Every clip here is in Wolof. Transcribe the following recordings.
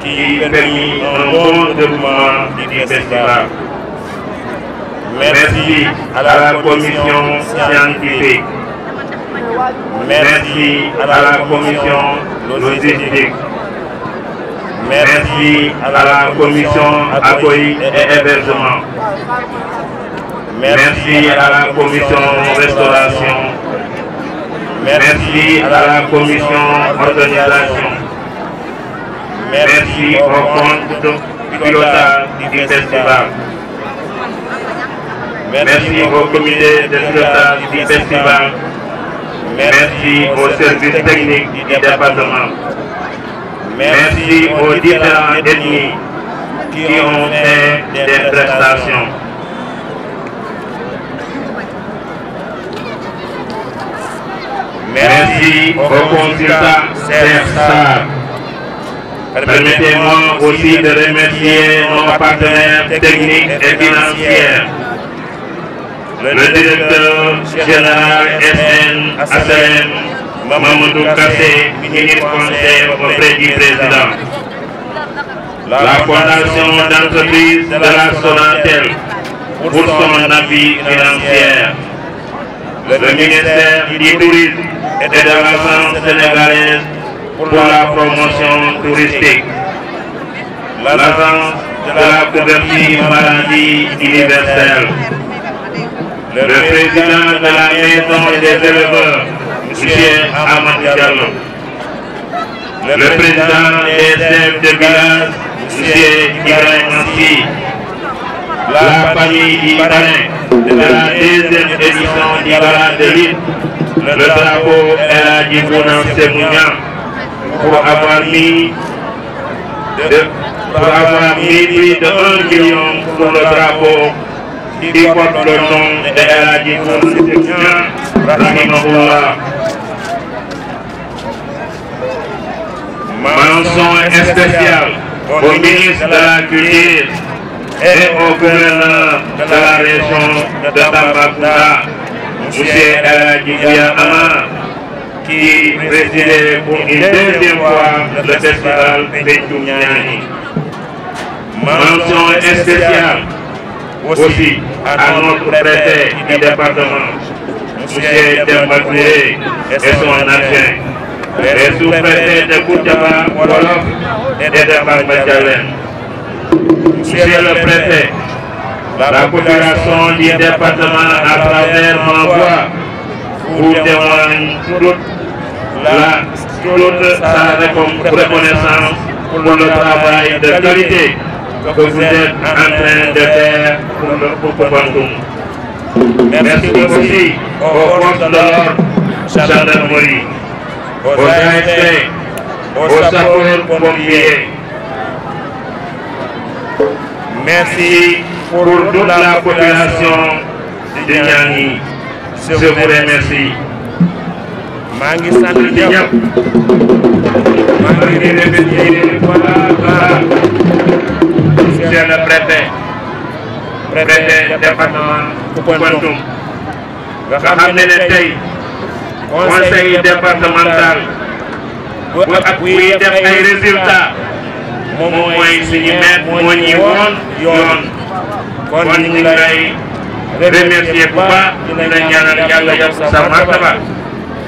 qui permit un bon déroulement du festival. Merci à la commission scientifique. Merci à la commission logistique. Merci à la commission accueil et hébergement. Merci à la commission restauration. Merci à la commission organisation. Merci au compte de pilotage du festival. Merci au comité de pilotage du festival. Merci aux services techniques du département. Merci aux différents ennemis qui ont fait des prestations. Merci aux consultants Serge Permettez-moi aussi de remercier nos partenaires techniques et financiers. Le directeur général SN ACM, Mamadou Kassé, ministre français auprès du président. La fondation d'entreprise de la Sonatel pour son avis financier. Le ministère du Tourisme et de la France sénégalaise pour la promotion touristique, l'agence de la couverture maladie universelle, le président de la maison des éleveurs, M. Ahmad Diallo, le président des chefs de village, M. Ibrahim Ansi, la famille Ibrahim de la deuxième édition d'Ibara de l'île, le drapeau El Adjibouna Semouniam, pour avoir mis de, plus de 1 million pour le drapeau qui porte le nom de El Hadji Rahimahullah. est spécial au ministre de la Culture et au gouverneur de la région de Tambacounda, M. El Hadji Amar qui présidait pour une deuxième fois le festival Peñouñani. Mention spéciale aussi à notre préfet du département, M. Dembagré et son adjoint, et sous-préfet de Koutaba, Wolof et de Dembagmadjalen. Monsieur le préfet, la population du département à travers mon voix vous témoigne tout la toute sa reconnaissance pour le travail de qualité que vous êtes en train de faire pour le Bantoum. Merci aussi aux forces de l'ordre, gendarmerie, aux AFC, aux sapeurs-pompiers. Merci pour toute la population de Niani. Je vous remercie. maa ngi sànni ñëpp maa ngi remercier monsieur le préfet préfet département Koupentoum nga xam ne ne conseil départemental bu ak buy def ay résultats moom mooy suñu maire moo ñuy woon yoon kon ñu lay remercier bu ñaanal sa martaba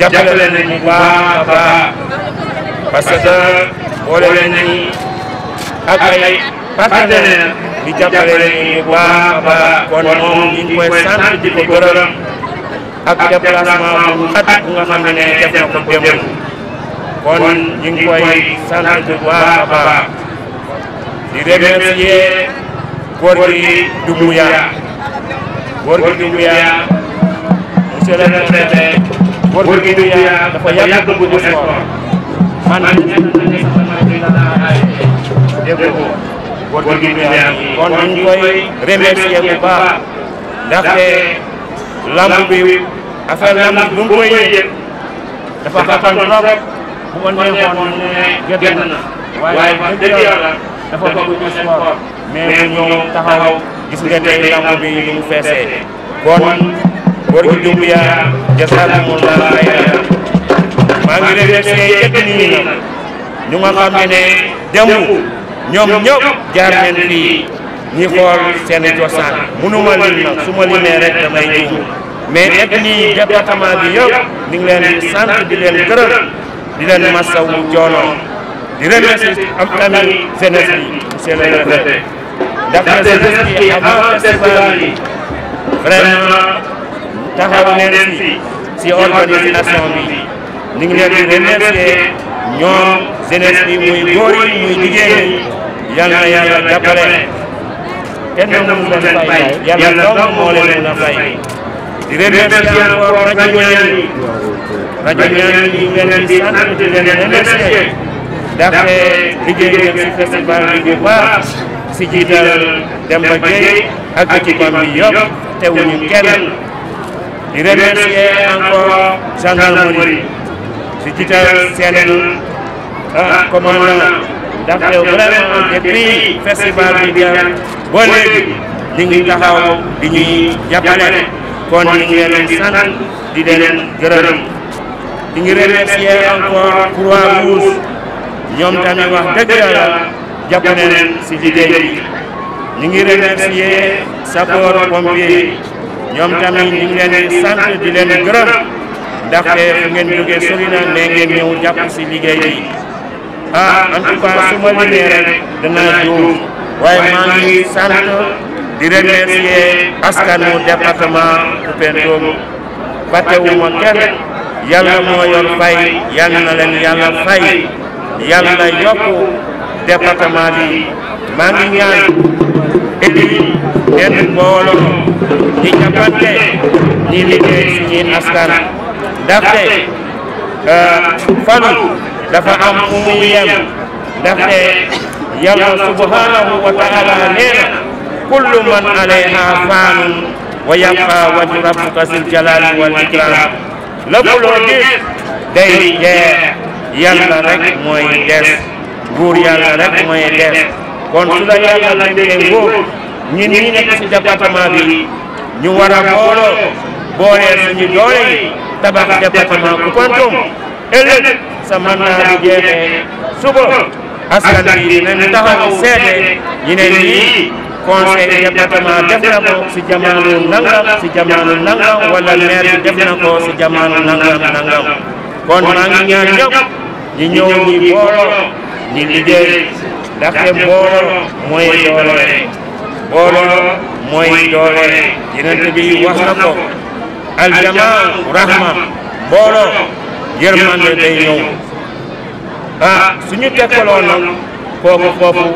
jàppale nañu bu baax baax parce que boole nañu ak ay partenaires di jàppale nañu kon moom ñu ngi sant di ko ak déplacement bu xat bu nga xam ne def na ko démb kon ñu ngi koy sant Porque tu ya dafa yàgg bëgg bu sport man dégg góor gi du yaa kon ñu ngi koy remercier bu baax ndaxte lamb bi affaire lamb bi bu mu koy yëg dafa xatan trop bu ko neexoon ne gëdd na waaye wax dëgg yàlla dafa bëgg ci sport mais mu ñëw taxaw gis nga tey lamb bi ni mu feesee kon góor gi jublu yaa jazaakumullaahu xayran maa ngi remercier yëpp nit ñi ñu nga xam ne ne démb ñoom ñëpp jaar nañ fii ñi xool seen i cosaan mënuma lim su ma limee rek damay juum mais ethnie département bi yëpp ñu leen di sant di leen gërëm di leen masawu coono di remercier am tamit jeunesse bi monsieur le préfet ndax jeunesse bi avant festival bi vraiment taxaw leen fi ci organisation bi ñu ngi leen di remercier ñoom jeunesse bi muy góor yi muy jigéen ñi yal na yàlla jàppale kenn fay yàlla dong moo leen mën a fay di remercier encore rajo Ñaani rajo Ñaani ñu di sant di leen remercier ndaxte liggéey ngeen ci festival bi bu baax ci jiital Demba Dieye ak équipe am bi yëpp teewuñu kenn Ah, di remercier encore gendarmerie si jiital seen commandant ndaxte vraiment depuis festival bi di am ba léegi ñu ngi taxaw di ñuy jàppale kon ñu ngi leen di sant di leen gërëm di ngi remercier encore Croix-Rouge ñoom tamit wax dëgg yàlla si liggéey bi ñu ngi remercier sapeur pompier ñom tamit ñu ngi leen sante di leen gërëm ndaxte fu ngeen joggé sorina né ngeen ñëw japp ci ligéy bi ah en tout cas suma ma limee rek danaa joom waye ma ngi sante di remercier askanu département du paté wu ma kenn yalla mo yor fay yalla na leen yalla fay yalla yokku département bi ma ngi ñaan équipe benn mbooloo di jàppante di liggéey suñuy askan falu dafa am fu muy yem dafte subhanahu wa taala nee kullu man alayha faanun wa yabqa wajhu rabbika zil jalali wal ikram lépp loo gis day jeex yàlla rek mooy rek kon ñun ñi nekk ci bi ñu war a booloo boolee suñu doole tabax département Koupantoum ëllëg sa mandat jeexee suba askan bi dinañ seete ñu ne lii conseil département def na nangam si nangam wala maire bi def nangam nangam kon maa ngi ñaan ñëpp ñu ñëw ñu booloo ñu liggéey ndaxte booloo mooy doole booloo mooy doole yeneen bi wax na ko aljamaa rahma booloo yërmande day ñëw ah suñu tekkaloo nag kooku foofu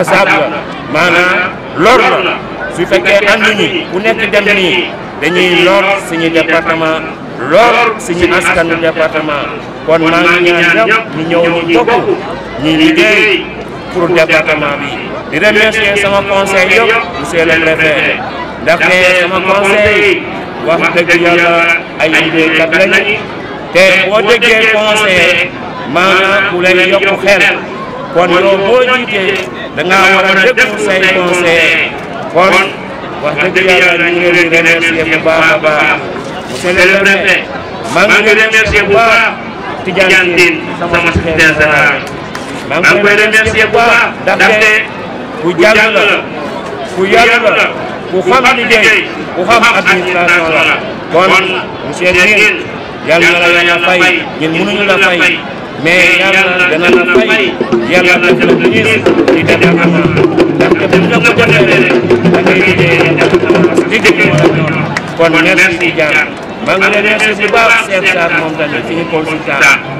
asaab la maanaam lor la su fekkee anduñu ku nekk dem nii dañuy lor suñu département lor suñu askanu département kon maa ngi ñaan ñëpp ñu ñëw ñu jokk ñu liggéey pour département bi di remercier sama conseil yëpp monsieur le préfet ndax ne sama conseil wax dëgg yàlla ay liggéeykat lañu te boo déggee conseil maanaam ku leen yokku xel kon yow boo jiitee da ngaa war a déglu kon wax dëgg yàlla ñu ngi leen di remercier bu baax a baax monsieur le préfet maa ngi leen di remercier bu baax Tidiane Tine sama secrétaire général maa ngi koy remercier bu baax ndaxte bu jàll la bu yàgg la bu xam liggéey bu la kon monsieur Tine yàlla na la yàlla fay ñun mënuñu la fay mais yàlla dana la fay yàlla def la ministre di département ndaxte bu ñu la ko defee da ngay liggéey liggéey kon merci Diagne maa ngi leen merci bu baax Cheikh Sarr moom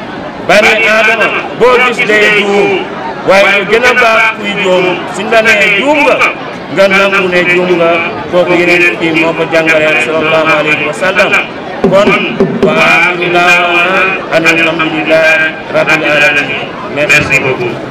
bani aadama boo gis day juum waaye gën a baax kuy juum suñ la nee juum nga nga nangu ne juum nga kooku yeneen bi moo ko jàngalee sallallahu alayhi wa sallam kon wa axiru daawaana an alhamdulilah rabbil alamin merci beaucoup